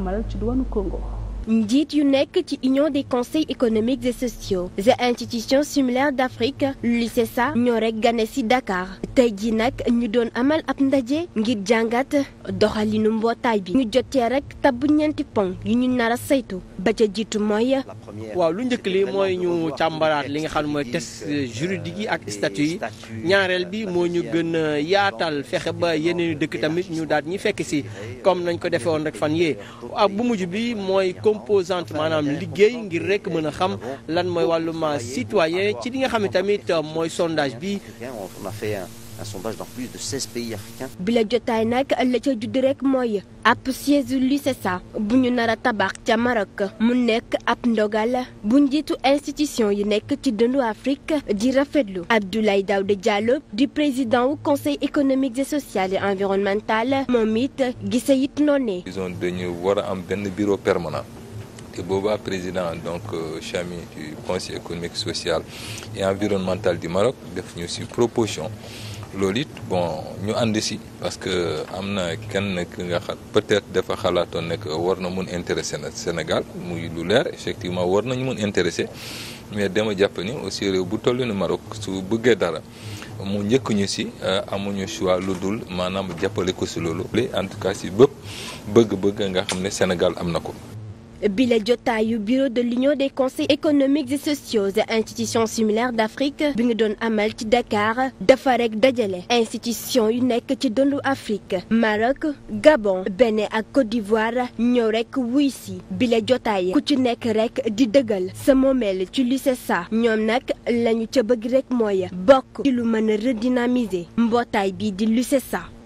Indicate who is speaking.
Speaker 1: amal ci diwaanu Congo. njiit yu nekk ci union des conseils économiques et sociaux et institutions similaires d'Afrique l'UCSA ñoo rek gane ci Dakar tey jii nag ñu doon amal ab ndaje ngir jàngat doxalinu mbootaay bi. ñu jotee rek tabb ñeenti ponk yu ñu nar a saytu ba ca jiitu mooy.
Speaker 2: waaw lu njëkk li mooy ñu càmbaraat li nga xam ne mooy tes juridique yi ak statu yi ñaareel bi moo ñu gën a yaatal fexe ba yeneen dëkk tamit ñu daal ñi fekk si comme nañ ko defee woon rek fan yee ak bu mujj bi mooy composante maanaam liggéey ngir rek mën a xam lan mooy wàllum citoyen ci li nga xam ne tamit mooy sondage bi. un sondage dans plus
Speaker 3: de 16 bi
Speaker 1: la jotaay nag la ca judd rek mooy ab siège l'UCESA bu ñu nar a tabax ca Maroc mu nekk ab ndogal bu njiitu institution yi nekk ci dëndu Afrique di rafetlu Abdoulaye Daouda Diallo di président wu conseil économique et social et environnemental moom it gise it noonu
Speaker 3: disons dañu war a am benn bureau permanent. te boobaa président donc euh, Chami du conseil économique social et environnemental du Maroc def ñu ci proposition loolu it bon ñu ànd si parce que am na kenn ki nga xam peut-être dafa xalaatoon ne war na mun intéressé na Sénégal muy lu leer effectivement war nañu mun intéressé mais dema jàpp ni aussi réew bu toll ni Maroc su bëggee dara mu njëkk ñu si euh, amuñu choix lu dul maanaam jàppale ko si loolu. en tout cas si bëpp bëgg-bëgg nga xam ne Sénégal am na ko.
Speaker 1: bi la jotaayu bureau de l'union des conseils économiques et sociaux et institutions similaires d'Afrique bi nga doon amal ci Dakar dafa rek dajale institution yu nekk ci dondu Afrique Maroc Gabon Bénin ak Côte d'Ivoire ñëw rek wuy si bi la yi ku ci nekk rek di dëggal sa moomeel ci l'UCESA ñoom nag lañu ca bëgg rek mooy bokk ci lu mën a redynamiser mbootaay bi di l'UCESA